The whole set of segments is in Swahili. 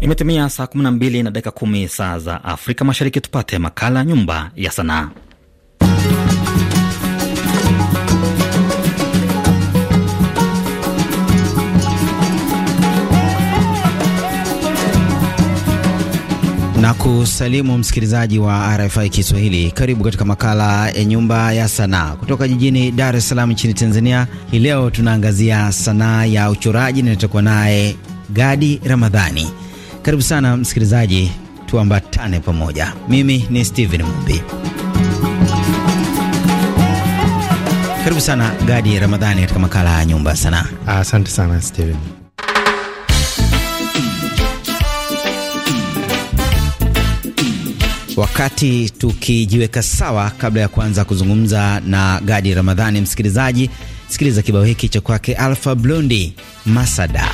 Imetimia saa 12 na dakika kumi saa za Afrika Mashariki. Tupate makala Nyumba ya Sanaa. na kusalimu msikilizaji wa RFI Kiswahili. Karibu katika makala ya nyumba ya sanaa kutoka jijini Dar es Salaam nchini Tanzania. Hii leo tunaangazia sanaa ya uchoraji na nitakuwa naye Gadi Ramadhani. Karibu sana msikilizaji, tuambatane pamoja. Mimi ni Steven Mumbi. Karibu sana Gadi Ramadhani katika makala ya nyumba sanaa. Asante sana Steven. Wakati tukijiweka sawa, kabla ya kuanza kuzungumza na Gadi Ramadhani, msikilizaji, sikiliza kibao hiki cha kwake Alpha Blondy Masada.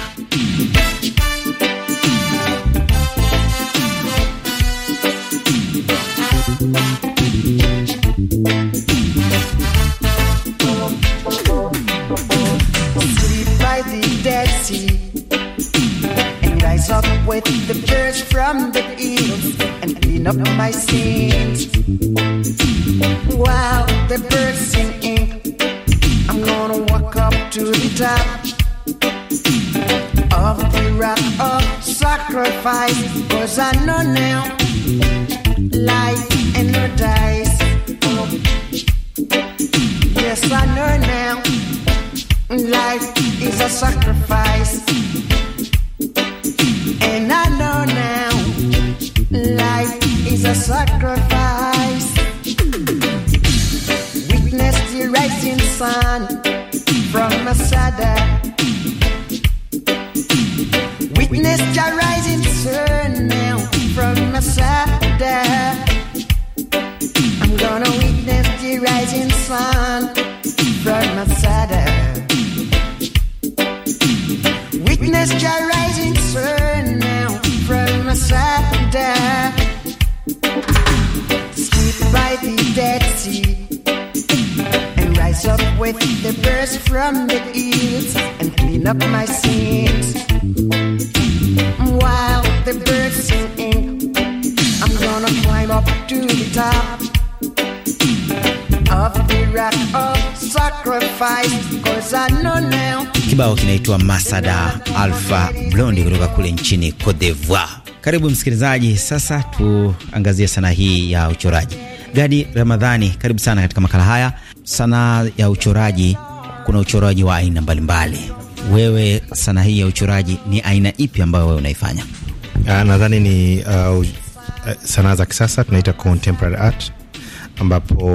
with the birds from the hills and clean up my sins. while the birds singing. I'm gonna walk up to the top of the rock of sacrifice. Cause I know now life and no dice. Yes, I know now life is a sacrifice. sacrifice. Witness the rising sun from Masada. Witness the rising sun now from Masada. I'm gonna witness the rising sun. with the burst from the eels and clean up my sins. While the birds sing, I'm gonna climb up to the top of the rock of sacrifice, cause I know now. Kibao kinaitwa Masada Alpha Blondi kutoka kule nchini Cote d'Ivoire. Karibu msikilizaji, sasa tuangazie sanaa hii ya uchoraji. Gadi Ramadhani, karibu sana katika makala haya sanaa ya uchoraji, kuna uchoraji wa aina mbalimbali. Wewe sanaa hii ya uchoraji ni aina ipi ambayo wewe unaifanya? Ah, nadhani ni uh, eh, sanaa za kisasa tunaita contemporary art ambapo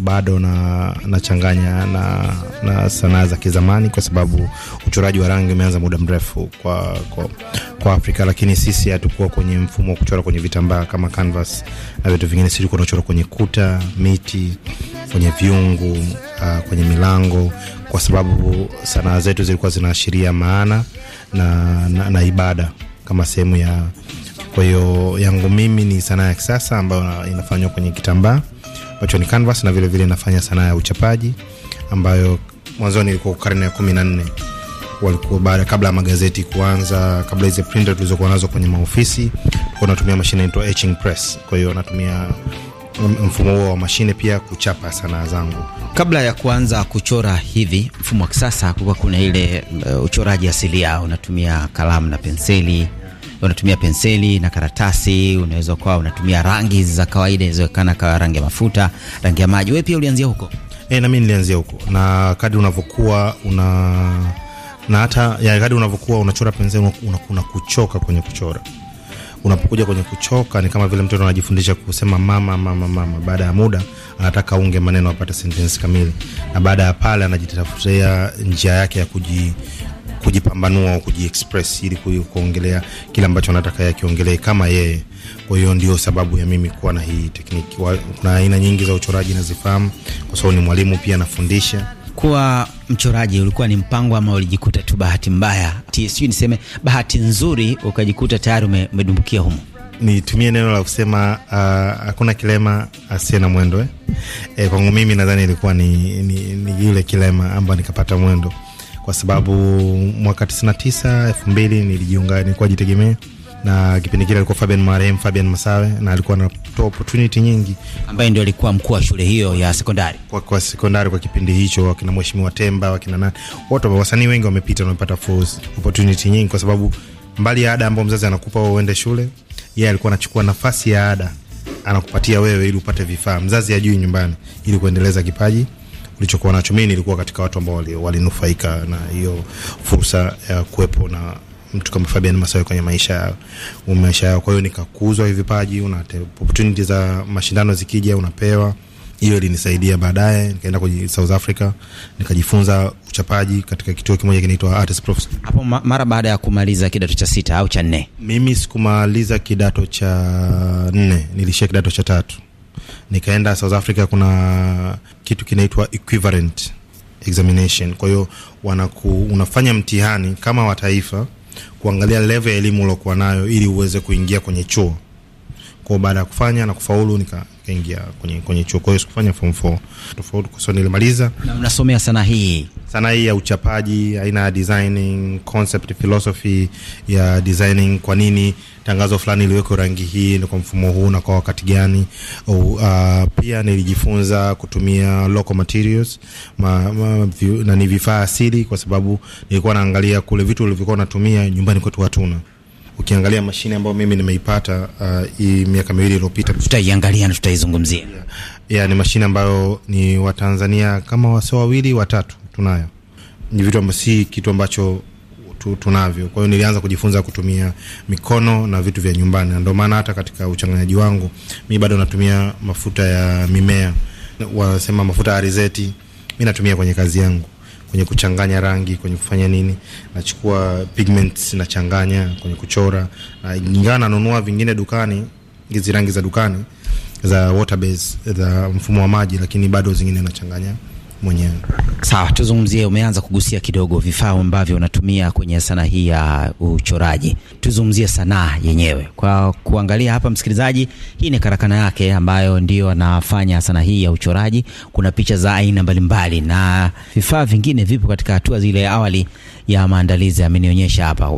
bado na nachanganya na, na sanaa za kizamani kwa sababu uchoraji wa rangi umeanza muda mrefu kwa, kwa, kwa Afrika, lakini sisi hatukuwa kwenye mfumo wa kuchora kwenye vitambaa kama canvas na vitu vingine. Sisi tulikuwa tunachora kwenye kuta, miti, kwenye viungu, uh, kwenye milango, kwa sababu sanaa zetu zilikuwa zinaashiria maana na, na, na ibada kama sehemu ya. Kwa hiyo yangu mimi ni sanaa ya kisasa ambayo inafanywa kwenye kitambaa ambacho ni canvas, na vilevile nafanya sanaa ya uchapaji ambayo mwanzoni ilikuwa karne ya kumi na nne walikuwa baada kabla ya magazeti kuanza, kabla hizo printer tulizokuwa nazo kwenye maofisi, tulikuwa tunatumia mashine inaitwa etching press. Kwa hiyo natumia mfumo huo wa mashine pia kuchapa sanaa zangu. Kabla ya kuanza kuchora hivi mfumo wa kisasa, kulikuwa kuna ile uh, uchoraji asili yao, unatumia kalamu na penseli unatumia penseli na karatasi, unaweza kuwa unatumia rangi za kawaida, inawezekana kawa rangi ya mafuta, rangi ya maji. Wewe pia ulianzia huko? E, na mimi nilianzia huko, na kadri unavyokuwa una na hata ya kadri unavyokuwa unachora penseli, una kuchoka kwenye kuchora unapokuja kwenye kuchoka ni kama vile mtoto anajifundisha kusema mama mama mama. Baada ya muda anataka unge maneno apate sentensi kamili, na baada ya pale anajitafutia njia yake ya kuji, kujipambanua au kujiexpress ili kuongelea kile ambacho anataka yakiongelee kama yeye. Kwa hiyo ndio sababu ya mimi kuwa na hii tekniki. Kuna aina nyingi za uchoraji nazifahamu, kwa sababu ni mwalimu pia anafundisha. Kuwa mchoraji ulikuwa ni mpango ama ulijikuta tu bahati mbaya, TSU niseme bahati nzuri, ukajikuta tayari umedumbukia humo? Nitumie neno la kusema ah, hakuna uh, kilema asiye na mwendo eh? E, kwangu mimi nadhani ilikuwa ni, ni, ni yule kilema ambayo nikapata mwendo kwa sababu mwaka 99 2000 nilijiunga, nilikuwa jitegemea na kipindi kile alikuwa Fabian Marem, Fabian Masawe, na alikuwa anatoa opportunity nyingi, ambaye ndio alikuwa mkuu wa shule hiyo ya sekondari kwa, kwa sekondari kwa kipindi hicho, wakina mheshimiwa Temba, wakina nani wote, wasanii wengi wamepita na wamepata force opportunity nyingi, kwa sababu mbali ya ada ambayo mzazi anakupa wewe uende shule, yeye alikuwa anachukua nafasi ya ada anakupatia wewe ili upate vifaa, mzazi ajui nyumbani, ili kuendeleza kipaji ulichokuwa nacho. Mimi nilikuwa katika watu ambao walinufaika wali na hiyo fursa ya kuwepo na mtu kama Fabian Masawe kwenye maisha yao maisha yao. Kwa hiyo nikakuzwa hivi vipaji, una opportunity za mashindano zikija unapewa. Hiyo ilinisaidia baadaye, nikaenda kwenye South Africa nikajifunza uchapaji katika kituo kimoja kinaitwa Artist Profs Hapo mara baada ya kumaliza kidato cha sita au cha nne? Mimi sikumaliza kidato cha nne, nilishia kidato cha tatu nikaenda South Africa, kuna kitu kinaitwa equivalent examination. Kwa hiyo unafanya mtihani kama wa taifa kuangalia level ya elimu uliokuwa nayo ili uweze kuingia kwenye chuo kwa baada ya kufanya na kufaulu nikaingia kwenye kwenye chuo, kwa hiyo sikufanya form 4 tofauti kwa sababu nilimaliza. Na mnasomea sana hii, sana hii ya uchapaji, aina ya designing concept, philosophy ya designing, kwa nini tangazo fulani iliweko rangi hii na kwa mfumo huu na kwa wakati gani. Uh, pia nilijifunza kutumia local materials ma, ma, na ni vifaa asili, kwa sababu nilikuwa naangalia kule vitu vilivyokuwa natumia nyumbani kwetu hatuna ukiangalia mashine ambayo mimi nimeipata uh, hii uh, miaka miwili iliyopita, tutaiangalia na tutaizungumzia yeah. Yeah, ni mashine ambayo ni Watanzania kama wasio wawili watatu tunayo, ni vitu ambavyo si kitu ambacho tu, tunavyo. Kwa hiyo nilianza kujifunza kutumia mikono na vitu vya nyumbani, na ndio maana hata katika uchanganyaji wangu mi bado natumia mafuta ya mimea, wanasema mafuta ya rizeti mi natumia kwenye kazi yangu kwenye kuchanganya rangi, kwenye kufanya nini, nachukua pigments nachanganya kwenye kuchora, na ingawa nanunua vingine dukani, hizi rangi za dukani za water base, za mfumo wa maji, lakini bado zingine nachanganya mwenyewe. Sawa, tuzungumzie, umeanza kugusia kidogo vifaa ambavyo unatumia kwenye sanaa hii ya uchoraji. Tuzungumzie sanaa yenyewe kwa kuangalia hapa, msikilizaji, hii ni karakana yake ambayo ndio anafanya sanaa hii ya uchoraji. Kuna picha za aina mbalimbali na vifaa vingine vipo katika hatua zile awali ya maandalizi, amenionyesha hapa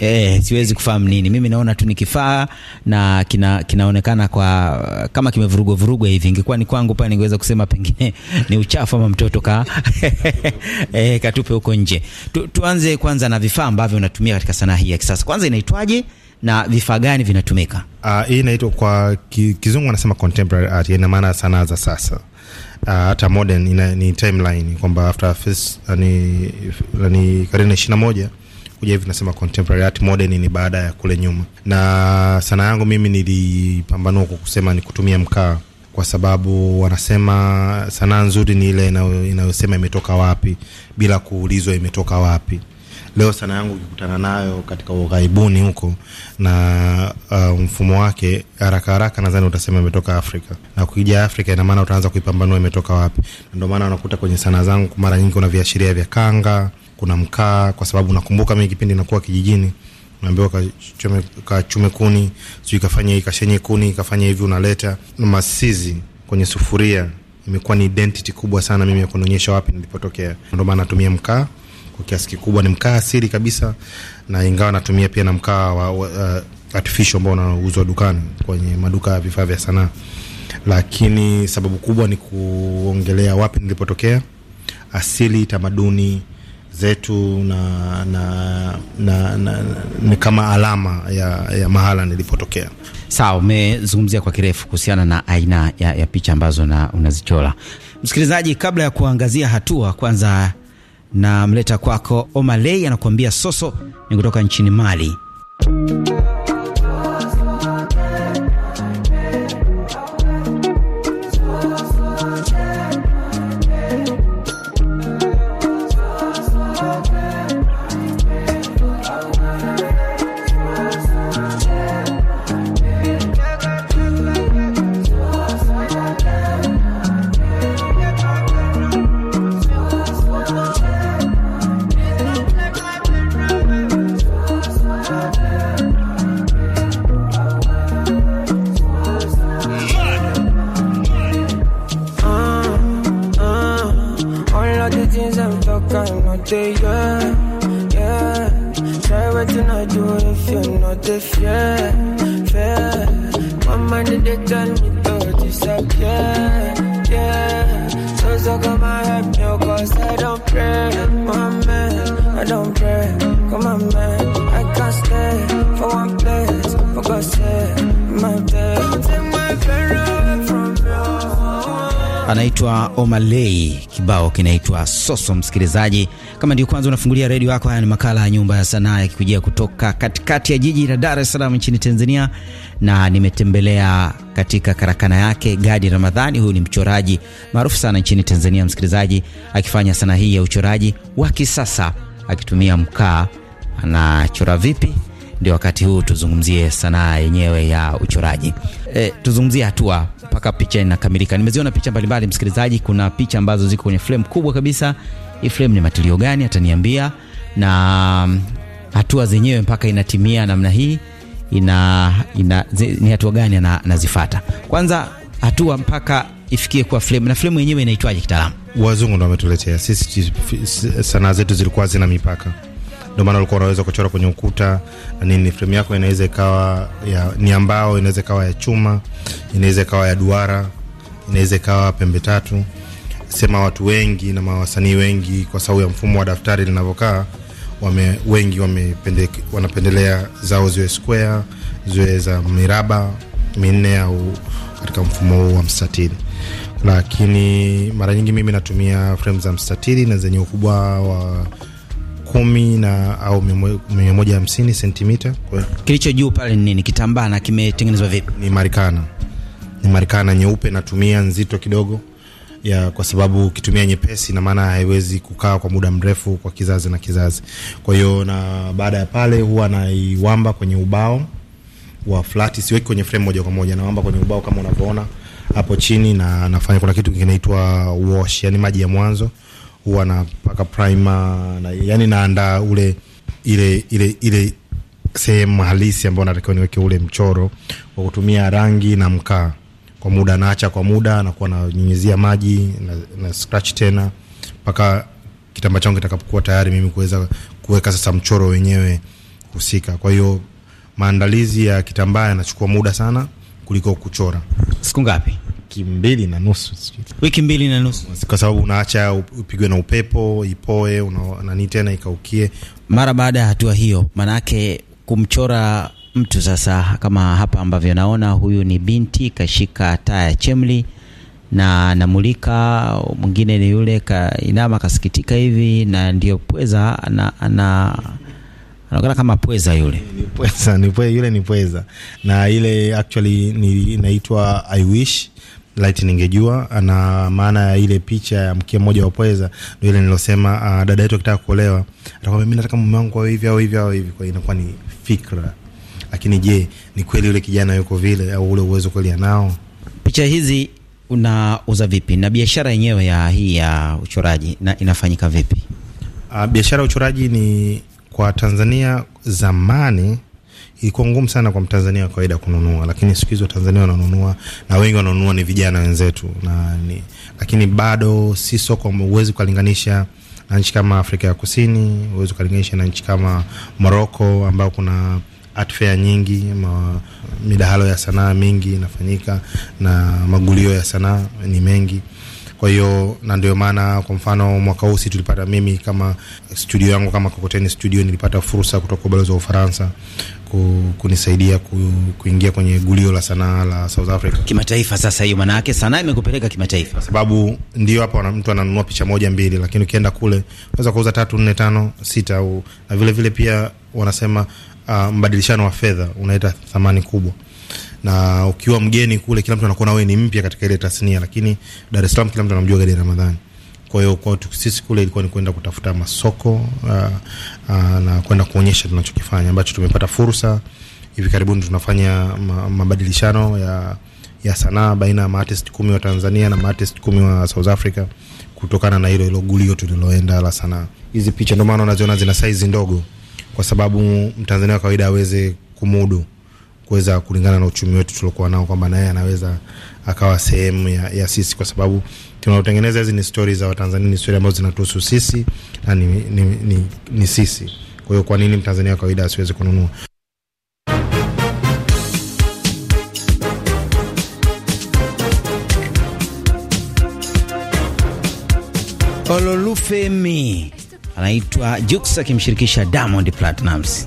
eh, siwezi kufahamu nini. Mimi naona tu ni kifaa na kina, kinaonekana kwa kama kimevurugwa vurugwa hivi. Ingekuwa ni kwangu pale ningeweza kusema pengine ni uchafu ama mtoto ka eh, katupe huko nje. Tu, tuanze kwanza na vifaa ambavyo unatumia katika sanaa hii ya kisasa. Kwanza inaitwaje? na vifaa gani vinatumika? Uh, hii inaitwa kwa ki, kizungu wanasema contemporary art, ina maana sanaa za sasa. Uh, hata modern ina, ni timeline kwamba after first, ni, ni karne ishirini na moja kuja hivi nasema contemporary art, modern ni baada ya kule nyuma. Na sanaa yangu mimi nilipambanua kwa kusema ni kutumia mkaa, kwa sababu wanasema sanaa nzuri ni ile inayosema imetoka wapi bila kuulizwa imetoka wapi. Leo sanaa yangu ukikutana nayo katika ughaibuni huko na uh, mfumo wake haraka haraka, nadhani utasema imetoka Afrika, na ukija Afrika ina maana utaanza kuipambanua imetoka wapi. Ndio maana unakuta kwenye sanaa zangu mara nyingi kuna viashiria vya kanga kuna mkaa, kwa sababu nakumbuka mimi kipindi nakuwa kijijini naambiwa kachume, kachume kuni sijui kafanya hii kashenye kuni kafanya hivi, unaleta masizi kwenye sufuria. Imekuwa ni identity kubwa sana mimi ya kunionyesha wapi nilipotokea. Ndio maana natumia mkaa kwa kiasi kikubwa, ni mkaa asili kabisa, na ingawa natumia pia na mkaa wa, wa uh, artificial ambao unauzwa dukani kwenye maduka ya vifaa vya sanaa, lakini sababu kubwa ni kuongelea wapi nilipotokea, asili, tamaduni zetu na, na, na, na, ni kama alama ya, ya mahala nilipotokea. Sawa, umezungumzia kwa kirefu kuhusiana na aina ya, ya picha ambazo na unazichora. Msikilizaji, kabla ya kuangazia hatua, kwanza namleta kwako Omalei anakuambia Soso ni kutoka nchini Mali. you know a fear, fear. My mind they tell me to disappear, yeah. So so come and help me, oh cause I don't pray, my man. I don't pray, come on man. I can't stay for one place, for God's sake, my bed. anaitwa Omalei, kibao kinaitwa Soso. Msikilizaji, kama ndio kwanza unafungulia redio yako, haya ni makala ya Nyumba ya Sanaa yakikujia kutoka katikati ya jiji la Dar es Salaam nchini Tanzania, na nimetembelea katika karakana yake Gadi Ramadhani. Huyu ni mchoraji maarufu sana nchini Tanzania, msikilizaji, akifanya sanaa hii ya uchoraji wa kisasa akitumia mkaa. Anachora vipi? Ndio wakati huu tuzungumzie sanaa yenyewe ya uchoraji. E, tuzungumzie hatua mpaka picha inakamilika. Nimeziona picha mbalimbali, msikilizaji, kuna picha ambazo ziko kwenye frame kubwa kabisa. Hii frame ni matilio gani? Ataniambia na mm, hatua zenyewe mpaka inatimia namna hii ina, ina zi, ni hatua gani anazifuata? Kwanza hatua mpaka ifikie kwa frame. Na frame yenyewe inaitwaje kitaalamu? Wazungu ndio wametuletea sisi, sanaa zetu zilikuwa zina mipaka ndio maana ulikuwa unaweza kuchora kwenye ukuta na nini. Fremu yako inaweza ikawa ya, ni ambao inaweza ikawa ya chuma, inaweza ikawa ya duara, inaweza ikawa pembe tatu. Sema watu wengi na mawasanii wengi, kwa sababu ya mfumo wa daftari linavyokaa, wame, wengi wame pende, wanapendelea zao ziwe square, ziwe za miraba minne au katika mfumo huu wa mstatili lakini mara nyingi mimi natumia frame za mstatili na zenye ukubwa wa kumi na au mia moja hamsini sentimita. Kilicho juu pale ni nini? Kitambaa na kimetengenezwa vipi? Ni marikana, ni marikana nyeupe, natumia nzito kidogo ya kwa sababu ukitumia nyepesi na maana haiwezi kukaa kwa muda mrefu kwa kizazi na kizazi. Kwa hiyo na baada ya pale, huwa naiwamba kwenye ubao wa flati, siweki kwenye frame moja kwa moja, nawamba kwenye ubao kama unavyoona hapo chini, na nafanya kuna kitu kinaitwa wash, yani maji ya mwanzo huwa napaka primer na, yani naandaa ule ile ile ile sehemu halisi ambayo natakiwa niweke ule mchoro kwa kutumia rangi na mkaa. Kwa muda naacha kwa muda, nakuwa nanyunyizia maji na, na scratch tena mpaka kitambaa changu kitakapokuwa tayari mimi kuweza kuweka sasa mchoro wenyewe husika. Kwa hiyo maandalizi ya kitambaa yanachukua muda sana kuliko kuchora. Siku ngapi? wiki mbili na nusu, wiki mbili na nusu, kwa sababu unaacha upigwe na upepo ipoe nani tena ikaukie. Mara baada ya hatua hiyo, manake kumchora mtu sasa, kama hapa ambavyo naona huyu ni binti kashika taa ya chemli na namulika, mwingine ni yule kainama kasikitika hivi, na ndio pweza ana, ana anaonekana kama pweza yule ni pweza, ni pweza, yule ni pweza na ile actually ni inaitwa I wish light ningejua na maana ya ile picha ya mke mmoja wa pweza, ndio ile nilosema, uh, dada yetu akitaka kuolewa atakwambia mimi nataka mume wangu awe hivi au hivi au hivi. Kwa inakuwa ni fikra, lakini je, ni kweli yule kijana yuko vile au ule uwezo kweli anao? Picha hizi unauza vipi, na biashara yenyewe ya hii ya uchoraji na inafanyika vipi? Uh, biashara ya uchoraji ni kwa Tanzania zamani ilikuwa ngumu sana kwa mtanzania wa kawaida kununua, lakini siku hizi watanzania wananunua na wengi wananunua ni vijana wenzetu na ni, lakini bado si soko, huwezi ukalinganisha na nchi kama Afrika ya Kusini, huwezi ukalinganisha na nchi kama Moroko ambao kuna art fair nyingi, ma, midahalo ya sanaa mingi inafanyika na magulio ya sanaa ni mengi. Kwa hiyo na ndio maana kwa mfano mwaka huu si tulipata mimi kama studio yangu kama Kokoteni studio nilipata fursa kutoka ubalozi wa Ufaransa kunisaidia kuingia kwenye gulio la sanaa la South Africa kimataifa. Sasa hiyo maana yake sanaa imekupeleka kimataifa, sababu ndio hapa mtu ananunua picha moja mbili, lakini ukienda kule unaweza kuuza tatu nne tano sita au na vile vile pia wanasema uh, mbadilishano wa fedha unaleta thamani kubwa na ukiwa mgeni kule, kila mtu anakuona wewe ni mpya katika ile tasnia, lakini Dar es Salaam kila mtu anamjua Gadi Ramadhani. Kwa hiyo kwa sisi kule ilikuwa ni kwenda kutafuta masoko aa, uh, aa, uh, na kwenda kuonyesha tunachokifanya ambacho tumepata fursa. Hivi karibuni tunafanya mabadilishano ya, ya sanaa baina ya maartist kumi wa Tanzania na maartist kumi wa South Africa kutokana na hilo hilo gulio tuliloenda la sanaa. Hizi picha ndio maana unaziona zina saizi ndogo, kwa sababu Mtanzania wa kawaida aweze kumudu kuweza kulingana na uchumi wetu tuliokuwa nao, kwamba naye anaweza akawa sehemu ya, ya sisi, kwa sababu tunaotengeneza hizi ni stori za Watanzania, ni stori ambazo zinatuhusu sisi na ni, ni, ni, ni sisi. Kwa hiyo kwa nini mtanzania wa kawaida asiwezi kununua? Ololufemi anaitwa Jux akimshirikisha Diamond Platnumz.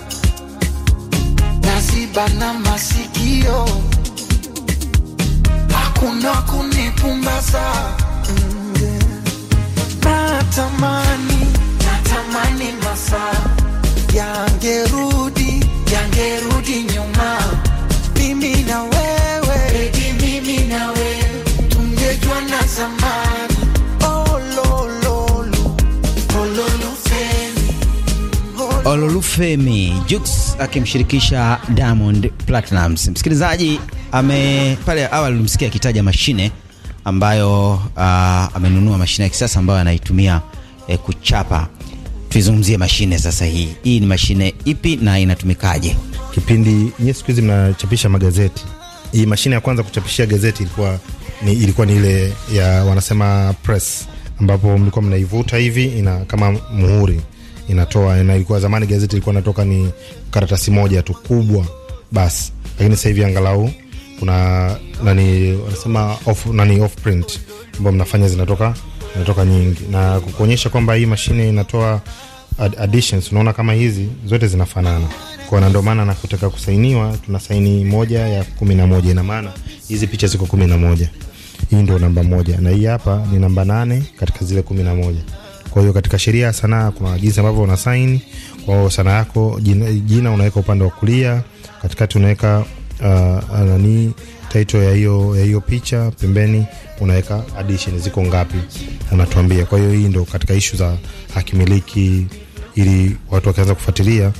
zibana masikio, hakuna kunipumbaza. Natamani, natamani masaa yangerudi, yangerudi nyuma mimi na Olulufemi Jux akimshirikisha Diamond Platnumz. Msikilizaji ame pale awali ulimsikia akitaja mashine ambayo uh, amenunua mashine ya kisasa ambayo anaitumia eh, kuchapa. Tuizungumzie mashine sasa hii. Hii ni mashine ipi na inatumikaje? Kipindi nyie siku hizi mnachapisha magazeti. Hii mashine ya kwanza kuchapishia gazeti ilikuwa ni, ilikuwa ni ile ya wanasema press ambapo mlikuwa mnaivuta hivi ina kama muhuri inatoa na ilikuwa zamani gazeti ilikuwa inatoka ni karatasi moja tu kubwa basi, lakini sasa hivi angalau kuna nani wanasema off, nani off print ambayo mnafanya zinatoka zinatoka nyingi, na kuonyesha kwamba hii mashine inatoa additions. Unaona kama hizi zote zinafanana kwa, na ndio maana nakutaka kusainiwa tuna saini moja ya kumi na moja, ina maana hizi picha ziko kumi na moja. Hii ndio namba moja na hii hapa ni namba nane katika zile kumi na moja. Kwa hiyo katika sheria ya sanaa kuna jinsi ambavyo una sign kwa sanaa yako, jina, jina unaweka upande wa kulia, katikati unaweka uh, uh, nani title ya hiyo ya hiyo picha, pembeni unaweka addition ziko ngapi, anatuambia. Kwa hiyo hii ndio katika ishu za hakimiliki, ili watu wakianza kufuatilia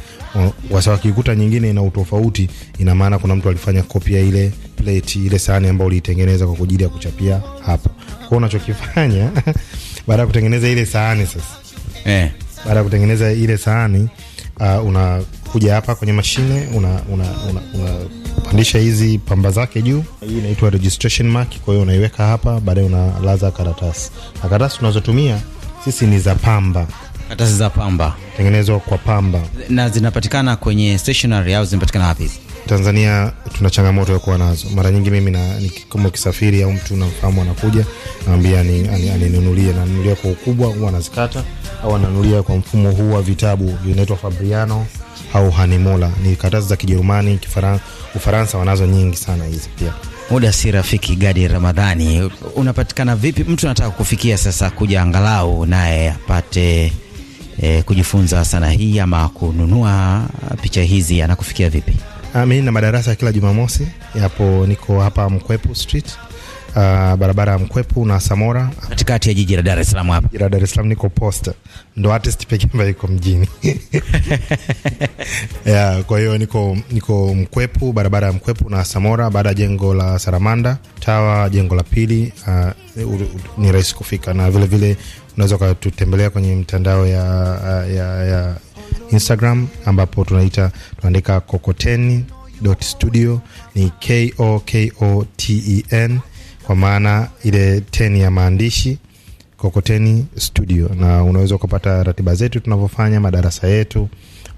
wasa wakikuta nyingine ina utofauti, ina maana kuna mtu alifanya kopi ya ile plate ile sahani ambayo uliitengeneza kwa ajili ya kuchapia hapa. Kwa unachokifanya baada ya kutengeneza ile sahani sasa eh. baada ya kutengeneza ile sahani uh, unakuja hapa kwenye mashine unapandisha una, una, una hizi pamba zake juu. Hii inaitwa registration mark, kwa hiyo unaiweka hapa, baadaye unalaza karatasi. Na karatasi tunazotumia sisi ni za pamba karatasi za pamba tengenezwa kwa pamba, na zinapatikana kwenye stationery au zinapatikana wapi? Tanzania tuna changamoto ya kuwa nazo. Mara nyingi mimi na kama ukisafiri au mtu unamfahamu anakuja, naambia aninunulie, nanunulia kwa ukubwa huwa anazikata au ananunulia kwa mfumo huu wa vitabu, vinaitwa Fabriano au Hanimola, ni karatasi za Kijerumani, Kifaransa, Ufaransa wanazo nyingi sana hizi pia. Muda si rafiki. Gadi Ramadhani, unapatikana vipi? Mtu anataka kufikia sasa kuja angalau naye apate e, kujifunza sanaa hii ama kununua picha hizi, anakufikia vipi? Ah, mi na madarasa kila Jumamosi yapo, niko hapa Mkwepu Street Uh, barabara ya Mkwepu na Samora katikati ya jiji la Dar es Salaam. Hapa jiji la Dar es Salaam niko post, ndo artist pekee ambaye yuko mjini yeah, kwa hiyo niko, niko Mkwepu, barabara ya Mkwepu na Samora, baada ya jengo la Saramanda Tawa, jengo la pili. Uh, ni rahisi kufika na vilevile unaweza ukatutembelea kwenye mtandao ya, ya, ya Instagram ambapo tunaita tunaandika kokoteni studio ni kokoten kwa maana ile teni ya maandishi kokoteni studio, na unaweza ukapata ratiba zetu tunavyofanya madarasa yetu.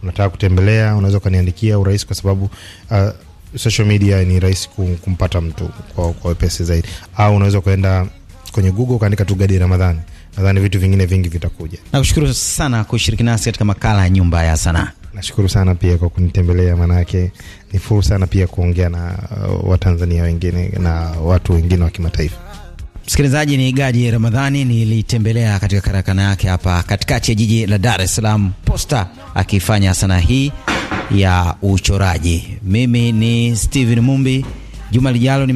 Unataka kutembelea, unaweza ukaniandikia urahisi, kwa sababu uh, social media ni rahisi kumpata mtu kwa, kwa wepesi zaidi, au unaweza ukaenda kwenye Google ukaandika tu Gadi Ramadhani nadhani vitu vingine vingi vitakuja. Nakushukuru sana kushiriki nasi katika makala ya Nyumba ya Sanaa. Nashukuru sana pia kwa kunitembelea, maanake ni fursa sana pia kuongea na uh, Watanzania wengine na watu wengine wa kimataifa. Msikilizaji, ni Gaji Ramadhani nilitembelea katika karakana yake hapa katikati ya jiji la Dar es Salaam Posta, akifanya sanaa hii ya uchoraji. Mimi ni Steven Mumbi. Juma lijalo ni